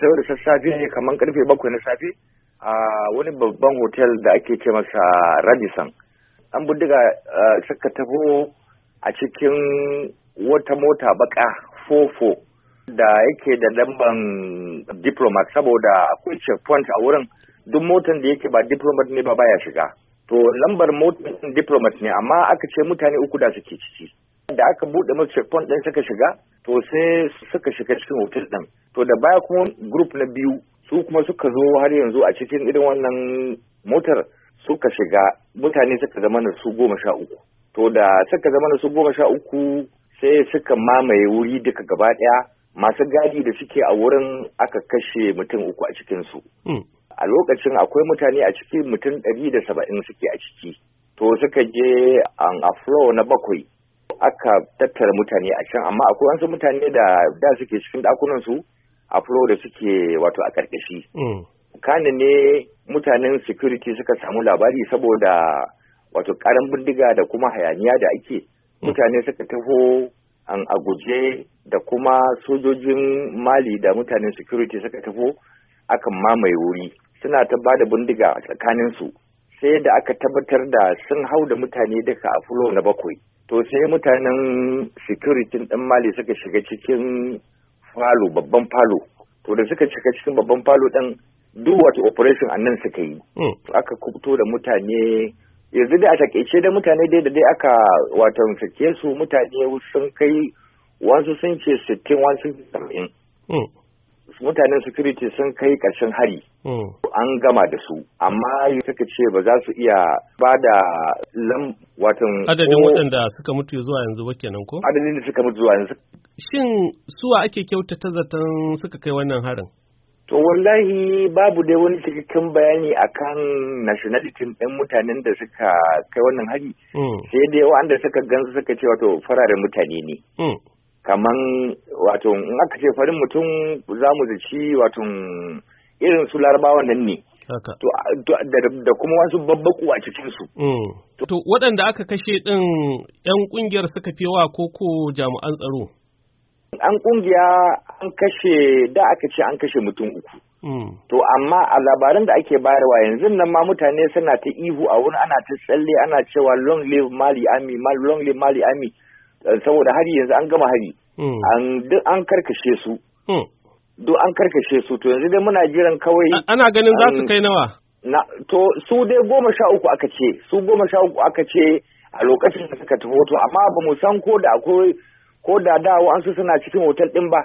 sayo da sassafe kamar karfe bakwai na safe a wani babban hotel da ake ce masa radisson an buddiga eh, suka taho a cikin wata mota baka fofo da yake da lamban diplomat saboda akwai checkpoint a wurin duk motan da yake ba diplomat ne ba baya shiga to lambar motan diplomat ne amma aka ce mutane uku da suke ciki da aka buɗe masu checkpoint ɗin suka shiga to sai suka shiga cikin hotel ɗin to da baya kuma group na biyu su kuma suka zo har yanzu a cikin irin wannan motar suka shiga mutane suka zama na su goma sha uku to da suka zama na su goma sha uku sai suka mamaye wuri duka gaba ɗaya masu gadi da suke a wurin aka kashe mutum uku a cikinsu hmm. a lokacin akwai mutane a ciki mutum ɗari da saba'in suke a ciki to suka je an um, afro na bakwai aka tattara mutane a can amma akwai wasu mutane da da suke cikin dakunan su a da suke wato a karkashi mm. kane ne mutanen security suka samu labari saboda wato karan bindiga da kuma hayaniya da ake mm. mutane suka taho an aguje da kuma sojojin mali da mutanen security suka taho akan mamaye wuri suna ta bada bindiga tsakanin su sai da aka tabbatar da sun hau da mutane duka a fulo na bakwai to sai mutanen security din mali suka shiga cikin falo babban falo to da suka shiga cikin babban falo ɗin duk wata operation a suka yi hmm. aka kubuto da mutane yanzu dai a takaice da mutane dai da dai aka watan sake su mutane sun kai wasu sun ce 60 wasu 70 mutanen security sun kai ƙarshen hari hmm. an gama da su amma suka ce ba za su iya ba da lam watan adadin waɗanda suka mutu zuwa yanzu ba kenan ko adadin da suka mutu zuwa yanzu shin suwa ake kyautata zaton suka kai wannan harin To wallahi babu dai wani cikakken bayani akan nationality ɗin mutanen da suka kai wannan hari, hmm. sai dai wanda suka gansu suka ce wato fararen mutane ne. Hmm. kaman wato in aka ce farin mutum za mu zaci wato irin su larabawan nan ne da kuma wasu babbaku a cikinsu. Mm. To waɗanda aka kashe ɗin ƴan ƙungiyar suka fi ko ko jami'an tsaro? An ƙungiya an kashe da aka ce an kashe mutum uku. Mm. To amma a labaran da ake bayarwa yanzu nan ma mutane suna ta ihu a wurin ana ta tsalle ana cewa long live Mali Ami, long live Mali Ami. saboda hari yanzu an gama hari hmm. an duk an karkashe su hmm. duk an karkashe su to yanzu dai muna jiran kawai ana ganin za su kai nawa na to su dai goma sha uku aka ce su goma sha uku aka ce a lokacin da suka tafi hoto amma ba mu san ko da akwai ko da dawo an su suna cikin hotel din ba